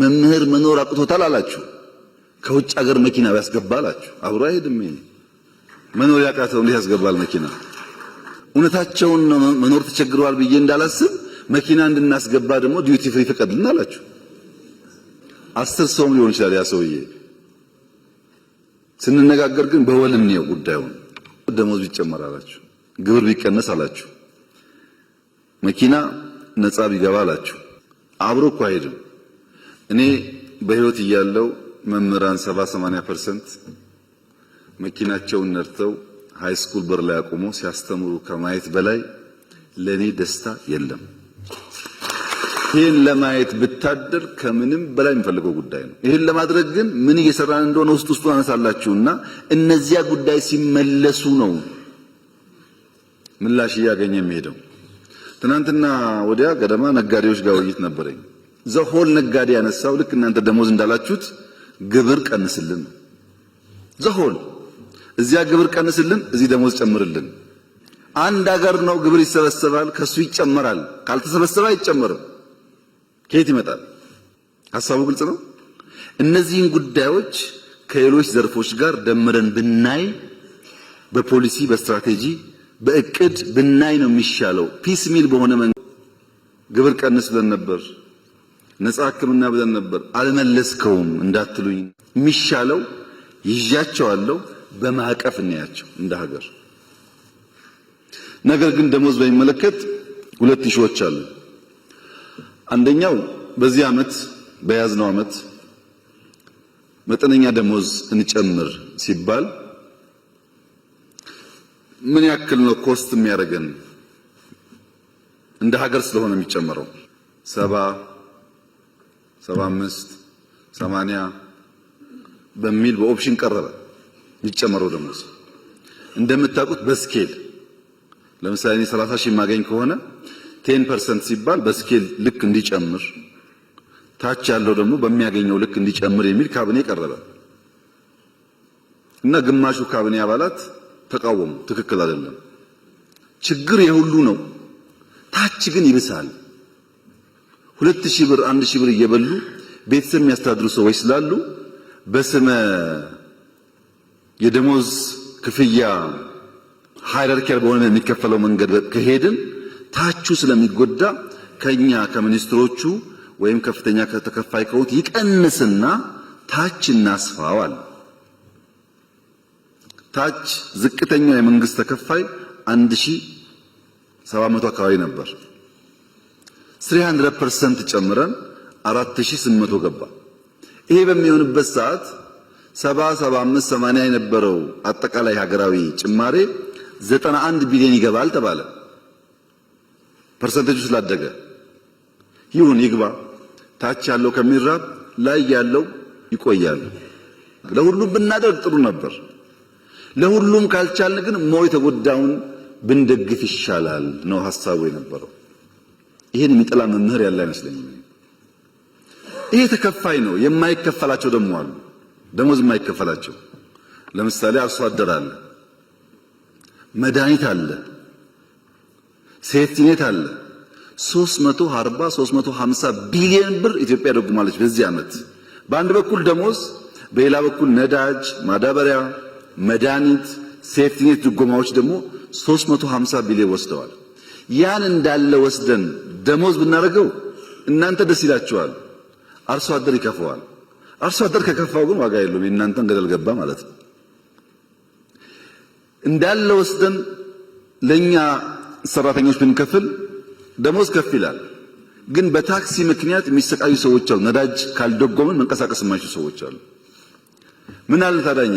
መምህር መኖር አቅቶታል አላችሁ። ከውጭ ሀገር መኪና ቢያስገባ አላችሁ። አብሮ አይሄድም። ይሄ መኖር ያቃተው እንዴት ያስገባል መኪና? እውነታቸውን ነው። መኖር ተቸግረዋል ብዬ እንዳላስብ መኪና እንድናስገባ ደግሞ ዲዩቲ ፍሪ ፍቀድልን አላችሁ። አስር ሰውም ሊሆን ይችላል ያ ሰውዬ። ስንነጋገር ግን በወልም ነው ጉዳዩን። ደሞዝ ቢጨመር አላችሁ፣ ግብር ቢቀነስ አላችሁ፣ መኪና ነፃ ቢገባ አላችሁ። አብሮ እኮ አይሄድም። እኔ በህይወት እያለው መምህራን 70 80% መኪናቸውን ነድተው ሃይ ስኩል በር ላይ አቁሞ ሲያስተምሩ ከማየት በላይ ለእኔ ደስታ የለም። ይህን ለማየት ብታደር ከምንም በላይ የሚፈልገው ጉዳይ ነው። ይህን ለማድረግ ግን ምን እየሰራን እንደሆነ ውስጥ ውስጡን አነሳላችሁና እነዚያ ጉዳይ ሲመለሱ ነው ምላሽ እያገኘ የሚሄደው። ትናንትና ወዲያ ገደማ ነጋዴዎች ጋር ውይይት ነበረኝ። ዘሆል ነጋዴ ያነሳው ልክ እናንተ ደሞዝ እንዳላችሁት ግብር ቀንስልን፣ ዘሆል እዚያ ግብር ቀንስልን፣ እዚህ ደሞዝ ጨምርልን። አንድ አገር ነው። ግብር ይሰበሰባል፣ ከሱ ይጨመራል። ካልተሰበሰበ አይጨመርም። ከየት ይመጣል? ሀሳቡ ግልጽ ነው። እነዚህን ጉዳዮች ከሌሎች ዘርፎች ጋር ደምረን ብናይ በፖሊሲ በስትራቴጂ በእቅድ ብናይ ነው የሚሻለው። ፒስ ሚል በሆነ መንገድ ግብር ቀንስ ብለን ነበር። ነጻ ሕክምና ብለን ነበር። አልመለስከውም እንዳትሉኝ የሚሻለው ይዣቸዋለሁ፣ በማዕቀፍ እናያቸው እንደ ሀገር። ነገር ግን ደሞዝ በሚመለከት ሁለት ሺዎች አሉ። አንደኛው በዚህ ዓመት በያዝነው ዓመት መጠነኛ ደሞዝ እንጨምር ሲባል ምን ያክል ነው ኮስት የሚያደርገን እንደ ሀገር ስለሆነ የሚጨመረው ሰባ ሰባ 80 በሚል በኦፕሽን ቀረበ። ይጨመረው ደሞዝ እንደምታውቁት በስኬል ለምሳሌ እኔ 30 ሺህ የማገኝ ከሆነ 10% ሲባል በስኬል ልክ እንዲጨምር ታች ያለው ደግሞ በሚያገኘው ልክ እንዲጨምር የሚል ካቢኔ ቀረበ እና ግማሹ ካቢኔ አባላት ተቃወሙ። ትክክል አይደለም፣ ችግር የሁሉ ነው፣ ታች ግን ይብሳል ሁለት ሺህ ብር አንድ ሺህ ብር እየበሉ ቤተሰብ የሚያስተዳድሩ ሰዎች ስላሉ በስመ የደሞዝ ክፍያ ሃይራርኪያል በሆነ የሚከፈለው መንገድ ከሄድን ታቹ ስለሚጎዳ ከኛ ከሚኒስትሮቹ ወይም ከፍተኛ ከተከፋይ ከሆኑት ይቀንስና ታች እናስፋዋል። ታች ዝቅተኛ የመንግስት ተከፋይ 1700 አካባቢ ነበር። 300% ጨምረን 4800 ገባ። ይሄ በሚሆንበት ሰዓት 70 75 80 የነበረው አጠቃላይ ሀገራዊ ጭማሬ 91 ቢሊዮን ይገባል ተባለ። ፐርሰንቴጁ ስላደገ ይሁን ይግባ። ታች ያለው ከሚራብ ላይ ያለው ይቆያል። ለሁሉም ብናደርግ ጥሩ ነበር። ለሁሉም ካልቻልን ግን ሞይ የተጎዳውን ብንደግፍ ይሻላል ነው ሀሳቡ የነበረው። ይህን የሚጠላ መምህር ያለ አይመስለኝም። ይሄ ተከፋይ ነው። የማይከፈላቸው ደግሞ አሉ፣ ደሞዝ የማይከፈላቸው ለምሳሌ አርሶ አደር አለ፣ መድኃኒት አለ፣ ሴፍቲኔት አለ። 340 350 ቢሊዮን ብር ኢትዮጵያ ደጉማለች በዚህ ዓመት። በአንድ በኩል ደሞዝ፣ በሌላ በኩል ነዳጅ፣ ማዳበሪያ፣ መድኃኒት፣ ሴፍቲኔት ድጎማዎች ደግሞ 350 ቢሊዮን ወስደዋል። ያን እንዳለ ወስደን ደሞዝ ብናደርገው እናንተ ደስ ይላችኋል፣ አርሶ አደር ይከፋዋል። አርሶ አደር ከከፋው ግን ዋጋ የለውም፣ የእናንተን ገደል ገባ ማለት ነው። እንዳለ ወስደን ለኛ ሰራተኞች ብንከፍል ደሞዝ ከፍ ይላል። ግን በታክሲ ምክንያት የሚሰቃዩ ሰዎች አሉ። ነዳጅ ካልደጎምን መንቀሳቀስ የማይችሉ ሰዎች አሉ። ምን አለ ታዳኛ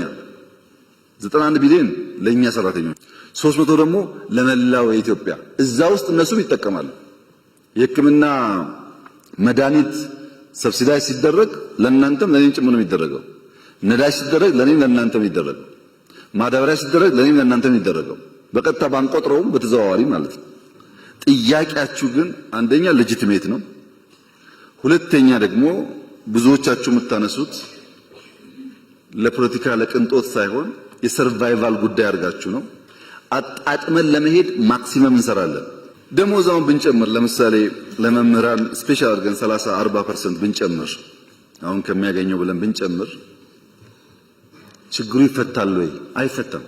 91 ቢሊዮን ለኛ ሰራተኞች፣ 300 ደግሞ ለመላው የኢትዮጵያ። እዛ ውስጥ እነሱም ይጠቀማሉ። የህክምና መድኃኒት ሰብሲዳይ ሲደረግ ለእናንተም ለኔም ጭምር ነው የሚደረገው። ነዳጅ ሲደረግ ለኔም ለእናንተም ይደረገው። ማዳበሪያ ሲደረግ ለኔም ለእናንተም ይደረገው። በቀጥታ ባንቆጥረውም በተዘዋዋሪ ማለት ነው። ጥያቄያችሁ ግን አንደኛ ሌጂቲሜት ነው፣ ሁለተኛ ደግሞ ብዙዎቻችሁ የምታነሱት ለፖለቲካ ለቅንጦት ሳይሆን የሰርቫይቫል ጉዳይ አድርጋችሁ ነው። አጣጥመን ለመሄድ ማክሲመም እንሰራለን። ደሞዛውን ብንጨምር ለምሳሌ ለመምህራን ስፔሻል አድርገን 30 40 ፐርሰንት ብንጨምር አሁን ከሚያገኘው ብለን ብንጨምር ችግሩ ይፈታል ወይ? አይፈታም።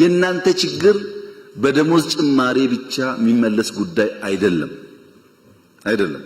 የእናንተ ችግር በደሞዝ ጭማሬ ብቻ የሚመለስ ጉዳይ አይደለም አይደለም።